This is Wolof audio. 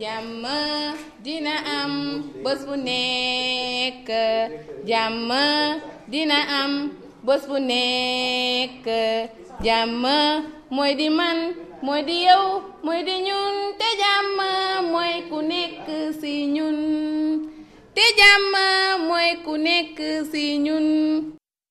jàmm dina am bés bu nekk jàmm dina am bés bu nekk jàmm mooy di man mooy di yow mooy di ñun te jàmm mooy ku nekk ci ñun te jàmm mooy ku nekk ci ñun